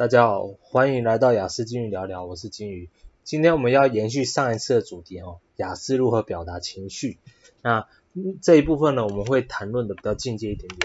大家好，歡迎來到亞斯金魚聊聊，我是金魚。今天我們要延續上一次的主題哦，亞斯如何表達情緒。那這一部分呢，我們會談論的比較進階一點點。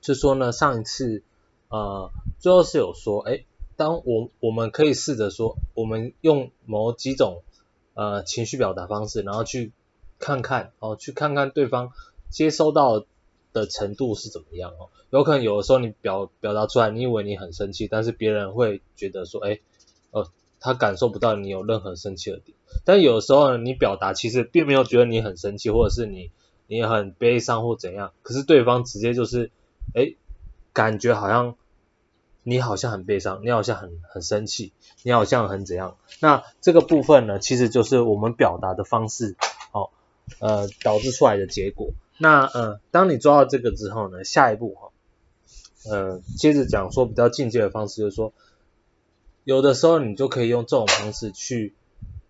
就說呢，上一次呃最後是有說，哎，當我我們可以試着說，我們用某幾種呃情緒表達方式，然後去看看哦，去看看對方接收到。的程度是怎麼樣哦？有可能有的時候你表表達出來，你以為你很生氣，但是別人會覺得說，哎、欸，哦、呃，他感受不到你有任何生氣的點。但有時候呢，你表達其實並沒有覺得你很生氣，或者是你你很悲傷或怎樣，可是對方直接就是，哎、欸，感覺好像你好像很悲傷，你好像很很生氣，你好像很怎樣。那這個部分呢，其實就是我們表達的方式，哦，呃，導致出來的結果。那嗯，當你抓到這個之後呢，下一步哈，呃、嗯，接着講說比較進階的方式，就是說，有的時候你就可以用這種方式去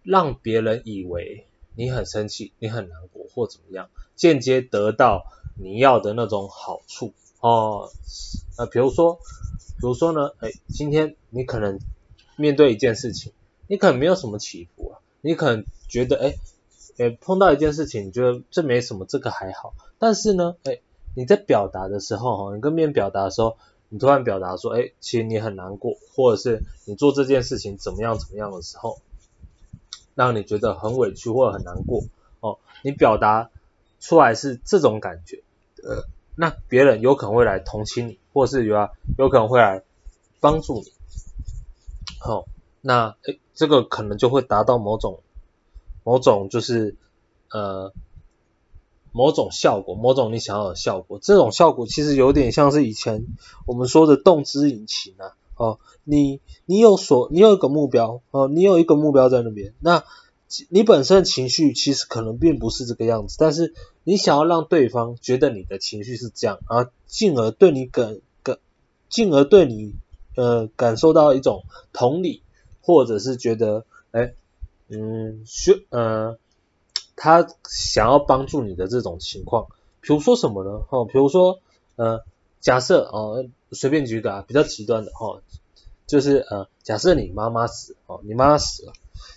讓別人以為你很生氣、你很難過或怎麼樣，間接得到你要的那種好處哦。那比如說，比如說呢，誒，今天你可能面對一件事情，你可能沒有什麼起伏啊，你可能覺得誒欸、碰到一件事情，你覺得這沒什麼，這個還好。但是呢、欸，你在表達的時候，你跟別人表達的時候，你突然表達說、欸，其實你很難過，或者是你做這件事情怎麼樣怎麼樣的時候，讓你覺得很委屈或者很難過，哦、你表達出來是這種感覺，呃、那別人有可能會來同情你，或者是有啊，有可能會來幫助你。好、哦，那、欸、這個可能就會達到某種。某種就是呃，某種效果，某種你想要的效果。這種效果其實有點像是以前我們說的“動之以情”啊。哦，你你有所，你有一個目標哦，你有一個目標在那邊。那你本身的情緒其實可能並不是這個樣子，但是你想要讓對方覺得你的情緒是這樣啊，進而對你感感，進而對你呃感受到一種同理，或者是覺得哎。誒嗯，學呃，他想要幫助你的這種情況，比如說什麼呢？哦，比如說呃，假設哦，隨便舉個啊，比較極端的哈、哦，就是呃，假設你媽媽死哦，你媽媽死了，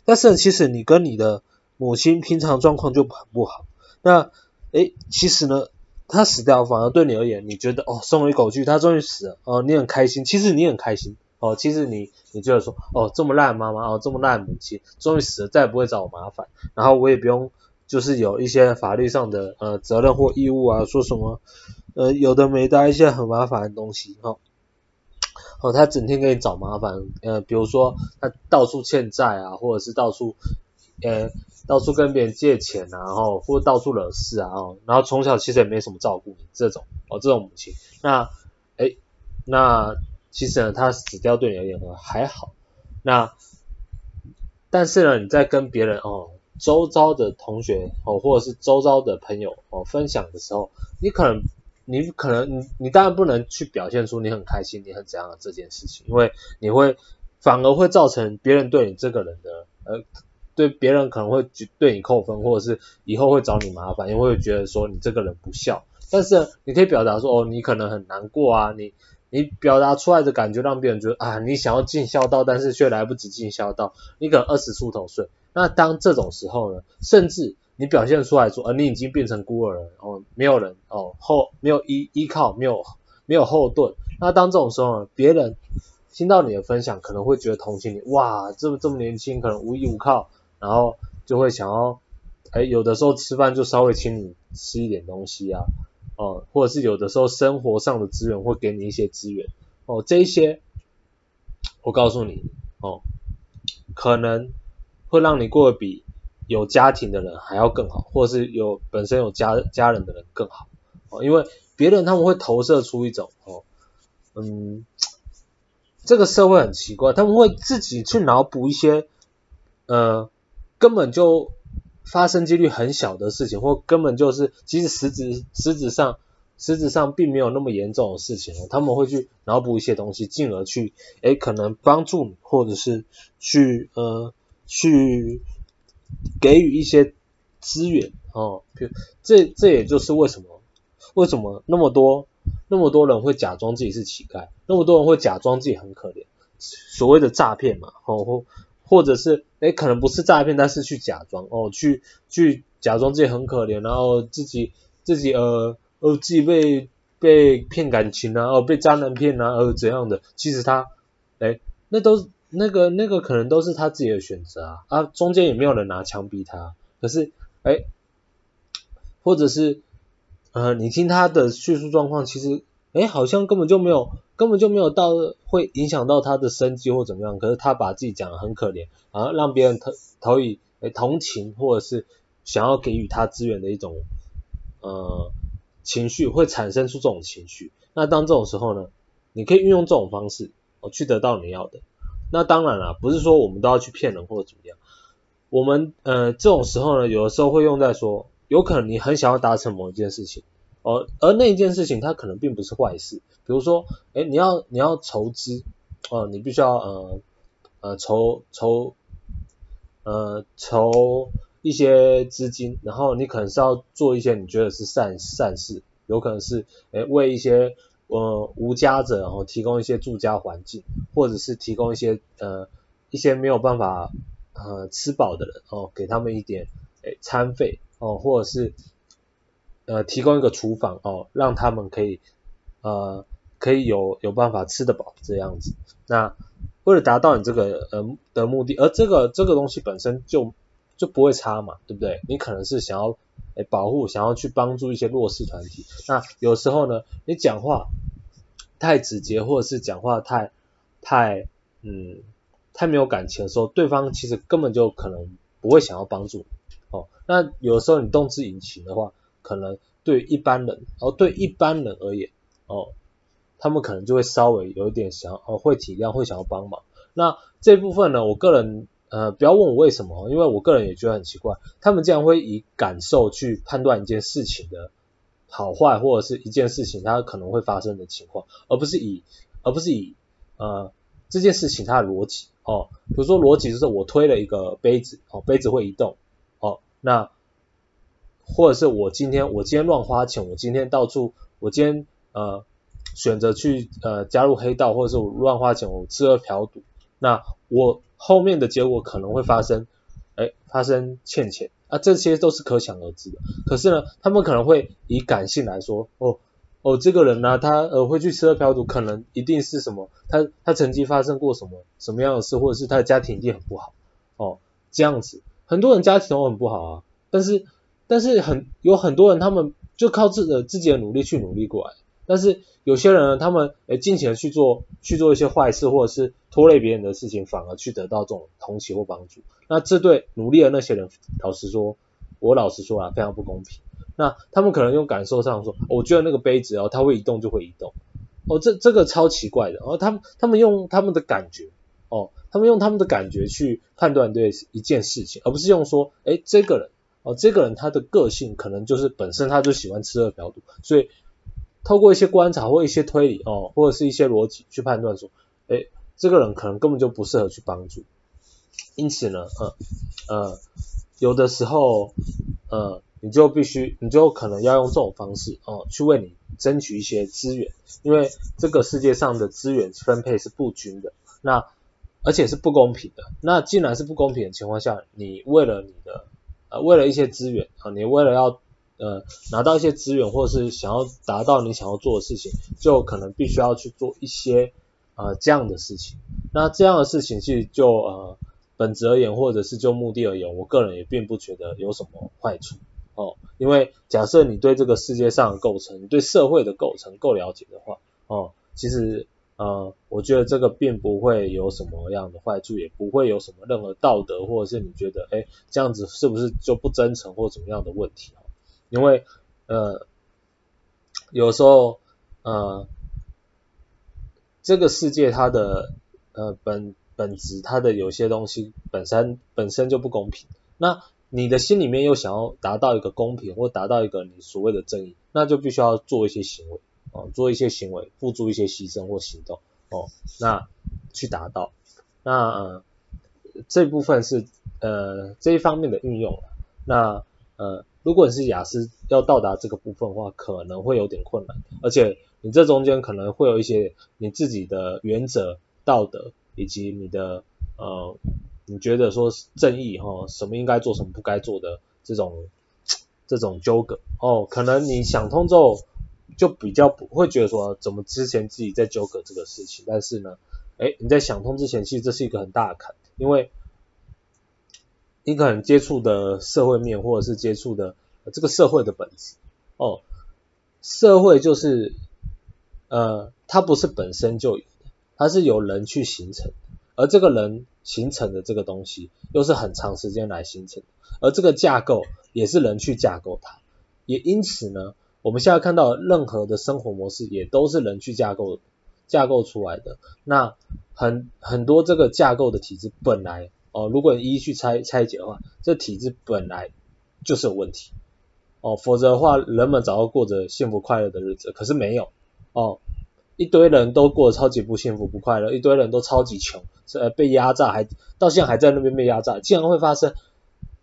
但是呢其實你跟你的母親平常狀況就很不好，那誒，其實呢，她死掉反而對你而言，你覺得哦，鬆了一口氣，她終於死了哦，你很開心，其實你很開心。哦，其實你，你就是說，哦，這麼爛媽媽，哦，這麼爛母親，終於死了，再也不會找我麻煩，然後我也不用，就是有一些法律上的呃責任或義務啊，說什麼，呃，有的沒的一些很麻煩的東西，哈、哦，哦，她整天給你找麻煩，呃，比如說她到處欠債啊，或者是到處，呃，到處跟別人借錢啊，哈、哦，或者到處惹事啊，哈、哦，然後從小其實也沒什麼照顧你，這種，哦，這種母親，那，哎，那。其實呢，他死掉對你而言呢，還好。那，但是呢，你在跟別人哦，周遭的同學哦，或者是周遭的朋友哦，分享的時候，你可能，你可能，你你當然不能去表現出你很開心，你很怎樣的這件事情，因為你會反而會造成別人對你這個人的，呃，對別人可能會對你扣分，或者是以後會找你麻煩，因為會覺得說你這個人不孝。但是呢，你可以表達說，哦，你可能很難過啊，你。你表達出來的感覺，讓別人覺得啊，你想要盡孝道，但是卻來不及盡孝道。你可能二十出頭歲，那當這種時候呢，甚至你表現出來說，呃，你已經變成孤兒了，哦，沒有人，哦，後沒有依依靠，沒有沒有後盾。那當這種時候呢，別人聽到你的分享，可能會覺得同情你，哇，這麼這麼年輕，可能無依無靠，然後就會想要，誒，欸，有的時候吃飯就稍微請你吃一點東西啊。哦，或者是有的時候生活上的資源會給你一些資源，哦，這一些，我告訴你，哦，可能會讓你過得比有家庭的人還要更好，或者是有本身有家家人的人更好，哦，因為別人他們會投射出一種，哦，嗯，這個社會很奇怪，他們會自己去腦補一些，呃，根本就。發生幾率很小的事情，或根本就是其實質實質實質上實質上並沒有那麼嚴重的事情，他們會去腦補一些東西，進而去誒、欸、可能幫助你，或者是去呃去給予一些資源啊、哦，譬如，這這也就是為什麼為什麼那麼多那麼多人會假裝自己是乞丐，那麼多人會假裝自己很可憐，所謂的詐騙嘛，哦，或或者是。哎，可能不是詐騙，但是去假裝哦，去去假裝自己很可憐，然後自己自己呃呃自己被被騙感情啊，哦、呃、被渣男騙啊，呃怎樣的？其實他哎，那都那個那個可能都是他自己的選擇啊啊，中間也沒有人拿槍逼他。可是哎，或者是呃，你聽他的敘述狀況，其實哎，好像根本就沒有。根本就沒有到會影響到他的生計或怎麼樣，可是他把自己講得很可憐啊，然後讓別人投投以、哎、同情或者是想要給予他資源的一種呃情緒，會產生出這種情緒。那當這種時候呢，你可以運用這種方式哦，去得到你要的。那當然了，啊，不是說我們都要去騙人或者怎麼樣。我們呃這種時候呢，有的時候會用在說，有可能你很想要達成某一件事情。而、哦，而那一件事情，它可能並不是壞事。比如說，誒、欸，你要你要籌資哦，你必須要呃呃籌籌呃籌一些資金，然後你可能是要做一些你覺得是善善事，有可能是誒、欸，為一些呃無家者然後、哦、提供一些住家環境，或者是提供一些呃一些沒有辦法呃吃飽的人哦，給他們一點誒、欸，餐費哦，或者是。呃，提供一個廚房哦，讓他們可以呃，可以有有辦法吃得飽這樣子。那為了達到你這個呃的目的，而這個這個東西本身就就不會差嘛，對不對？你可能是想要誒、欸、保護，想要去幫助一些弱勢團體。那有時候呢，你講話太直接，或者是講話太太嗯太沒有感情的時候，對方其實根本就可能不會想要幫助哦。那有時候你動之以情的話。可能對一般人，然、哦、對一般人而言，哦，他們可能就會稍微有一點想要，哦，會體諒，會想要幫忙。那這部分呢，我個人，呃，不要問我為什麼，因為我個人也覺得很奇怪，他們竟然會以感受去判斷一件事情的好壞，或者是一件事情它可能會發生的情況，而不是以，而不是以，呃，這件事情它的邏輯，哦，比如說邏輯就是我推了一個杯子，哦，杯子會移動，哦，那。或者是我今天我今天亂花錢，我今天到處我今天呃選擇去呃加入黑道，或者是我亂花錢，我吃喝嫖賭，那我後面的結果可能會發生，哎，發生欠錢啊，這些都是可想而知的。可是呢，他們可能會以感性來說，哦哦，這個人呢、啊，他呃會去吃喝嫖賭，可能一定是什麼，他他曾經發生過什麼什麼樣的事，或者是他的家庭一定很不好，哦，這樣子，很多人家庭都很不好啊，但是。但是很有很多人，他們就靠自己的自己的努力去努力過來。但是有些人呢，他們誒盡情的去做，去做一些壞事，或者是拖累別人的事情，反而去得到這種同情或幫助。那這對努力的那些人，老實說，我老實說啊，非常不公平。那他們可能用感受上說，哦、我覺得那個杯子哦，它會移動就會移動。哦，這這個超奇怪的。然後、哦、他們他們用他們的感覺，哦，他們用他們的感覺去判斷對一件事情，而不是用說，誒這個人。哦，這個人他的個性可能就是本身他就喜歡吃喝嫖賭，所以透過一些觀察或一些推理哦，或者是一些邏輯去判斷說，誒，這個人可能根本就不適合去幫助。因此呢，呃呃，有的時候呃，你就必須，你就可能要用這種方式哦，去為你爭取一些資源，因為這個世界上的資源分配是不均的，那而且是不公平的。那既然是不公平的情況下，你為了你的為了一些資源啊，你為了要呃拿到一些資源，或者是想要達到你想要做的事情，就可能必須要去做一些呃這樣的事情。那這樣的事情其實就呃本質而言，或者是就目的而言，我個人也並不覺得有什麼壞處哦。因為假設你對這個世界上的構成、對社會的構成夠了解的話，哦，其實。呃，我覺得這個並不會有什麼樣的壞處，也不會有什麼任何道德，或者是你覺得，哎，這樣子是不是就不真誠或怎麼樣的問題。因為呃，有時候呃，這個世界它的呃本本質，它的有些東西本身本身就不公平，那你的心裡面又想要達到一個公平，或達到一個你所謂的正義，那就必須要做一些行為。哦，做一些行為，付諸一些犧牲或行動，哦，那去達到，那、呃、這部分是呃這一方面的運用那呃，如果你是亞斯要到達這個部分的話，可能會有點困難，而且你這中間可能會有一些你自己的原則、道德以及你的呃，你覺得說是正義哈、哦，什麼應該做，什麼不該做的這種這種糾葛哦，可能你想通之後。就比較不會覺得說怎麼之前自己在糾葛這個事情，但是呢，哎，你在想通之前，其實這是一個很大的坎，因為你可能接觸的社會面，或者是接觸的這個社會的本質，哦，社會就是，呃，它不是本身就有的，它是由人去形成，而這個人形成的這個東西，又是很長時間來形成的，而這個架構也是人去架構它，也因此呢。我們現在看到任何的生活模式，也都是人去架構架構出來的。那很很多這個架構的體制本來哦，如果一一去拆拆解的話，這體制本來就是有問題哦。否則的話，人們早就過着幸福快樂的日子，可是沒有哦。一堆人都過得超級不幸福不快樂，一堆人都超級窮，呃，被壓榨還到現在還在那邊被壓榨，竟然會發生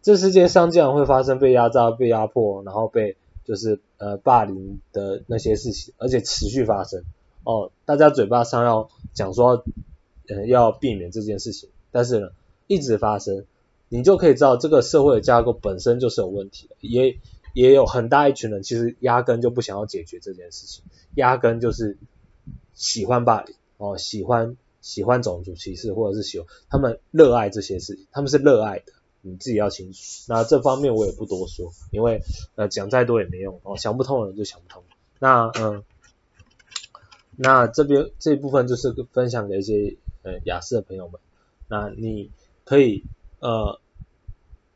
這世界上竟然會發生被壓榨、被壓迫，然後被。就是呃霸凌的那些事情，而且持續發生哦。大家嘴巴上要講說要，呃要避免這件事情，但是呢一直發生，你就可以知道這個社會的架構本身就是有問題，也也有很大一群人其實壓根就不想要解決這件事情，壓根就是喜歡霸凌哦，喜歡喜歡種族歧視或者是喜歡，他們熱愛這些事情，他們是熱愛的。你自己要清楚，那這方面我也不多說，因為呃講再多也沒用哦，想不通的人就想不通。那嗯、呃，那這邊這一部分就是分享給一些呃亞斯的朋友們，那你可以呃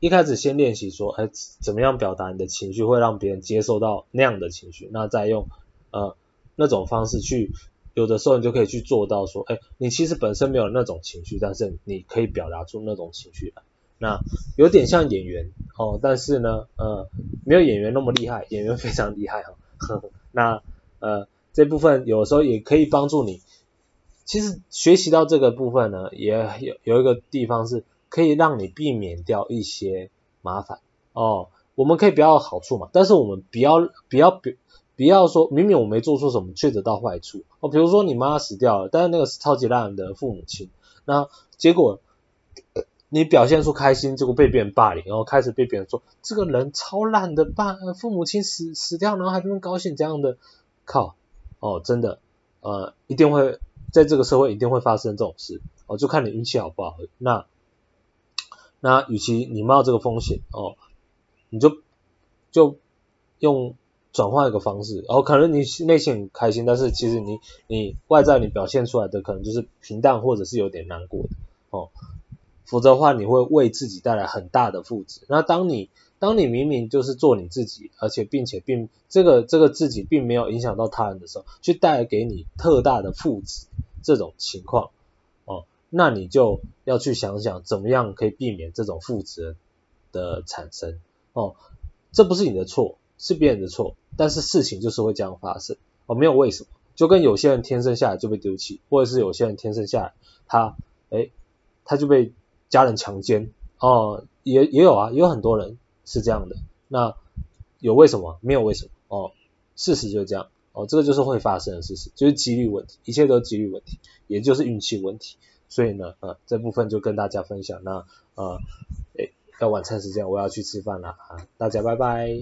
一開始先練習說，哎、呃、怎麼樣表達你的情緒會讓別人接受到那樣的情緒，那再用呃那種方式去，有的時候你就可以去做到說，哎、呃、你其實本身沒有那種情緒，但是你可以表達出那種情緒來。那有點像演員哦，但是呢，呃，沒有演員那麼厲害，演員非常厲害哈、哦。呵呵。那呃這部分有的時候也可以幫助你。其實學習到這個部分呢，也有有一個地方是可以讓你避免掉一些麻煩哦。我們可以不要有好處嘛，但是我們不要不要不不要說明明我沒做錯什麼卻得到壞處哦。比如說你媽死掉了，但是那個是超級爛的父母親，那結果。呃你表現出開心，結果被別人霸凌，然後開始被別人說這個人超爛的吧？父母親死死掉，然後還這麼高興，這樣的，靠，哦，真的，呃，一定會在這個社會一定會發生這種事哦，就看你運氣好不好。那那，與其你冒這個風險哦，你就就用轉換一個方式，哦，可能你內心很開心，但是其實你你外在你表現出來的可能就是平淡或者是有點難過的哦。否則的話，你會為自己帶來很大的負值。那當你當你明明就是做你自己，而且並且並這個這個自己並沒有影響到他人的時候，去帶來給你特大的負值這種情況，哦，那你就要去想想怎麼樣可以避免這種負值的產生。哦，這不是你的錯，是別人的錯。但是事情就是會這樣發生。哦，沒有為什麼，就跟有些人天生下來就被丟棄，或者是有些人天生下來他誒，他就被。家人強姦哦，也也有啊，也有很多人是這樣的。那有為什麼？沒有為什麼哦，事實就這樣哦，這個就是會發生的事實，就是幾率問題，一切都是幾率問題，也就是運氣問題。所以呢，呃，這部分就跟大家分享。那呃，哎、欸，到晚餐時間，我要去吃飯了啊，大家拜拜。